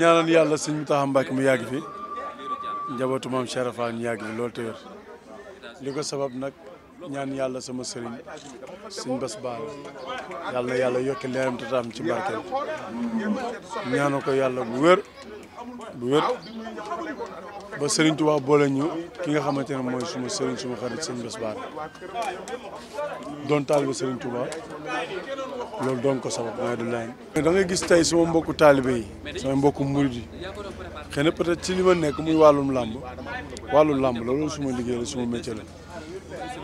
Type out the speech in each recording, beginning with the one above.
ñaanal yàlla sëñ Mountakha Mbacké mu yàgg fi njabootu maam Cheikh Fall yàgg fi loolu te wér li ko sabab nag ñaan yàlla sama sëriñ sëñ Bass Baal yàlla na yàlla yokki leeram taam ci barkeel ñaanu ko yàlla bu wér bu wér ba Serigne Touba boole ñu ki nga xamante ne mooy suma Serigne suma xarit Serigne Bass Bara doon taalibe Serigne Touba loolu doon ko sabab waaye du laaj. da ngay gis tey suma mbokku taalibe yi sama mbokku murid yi xëy na peut-être ci li nekk muy wàllum làmb wàllu làmb la loolu suma liggéey la suma métier la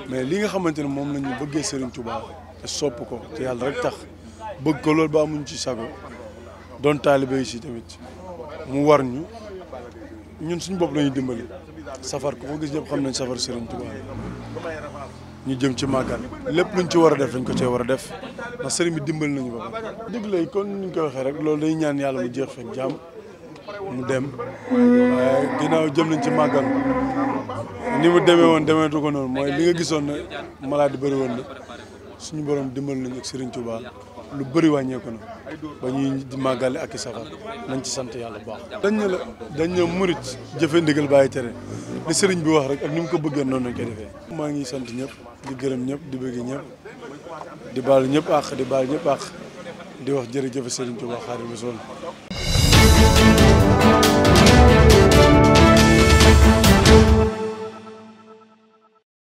mais li nga xamante ne moom la ñu bëggee Serigne Touba te sopp ko te yàlla rek tax bëgg ko loolu ba amuñ ci sago doon taalibe si tamit mu war ñu. ñun suñu bopp lañuy dimbali safar ku ko gis ñëpp xam nañ safar Serigne Touba ñu jëm ci màggal lépp luñ ci war a def dañ ko cee war a def ndax sëriñ bi dimbali nañu ba pare digle yi kon ni ñu koy waxee rek loolu dañuy ñaan yàlla mu jeex fekk jàmm mu dem waaye ginnaaw jëm nañ ci màggal ni mu demee woon demeetu ko noonu mooy li nga gisoon ne malade bëri woon na suñu borom dimbali nañu ak Serigne Touba. lu bëri wàññeeku na ba ñuy màggale ak i safar nañ ci sant yàlla bu baax. dañ ne dañ ne murit jëfe ndigal bàyyi tere li sëriñ bi wax rek ak ñu mu ko bëggee noonu lañ koy defee. maa ngi sant ñëpp di gërëm ñëpp di bëgg ñëpp di baal ñëpp àq di baal ñëpp àq di wax jërëjëf sëriñ Tuubaa Xaadimu Rasuul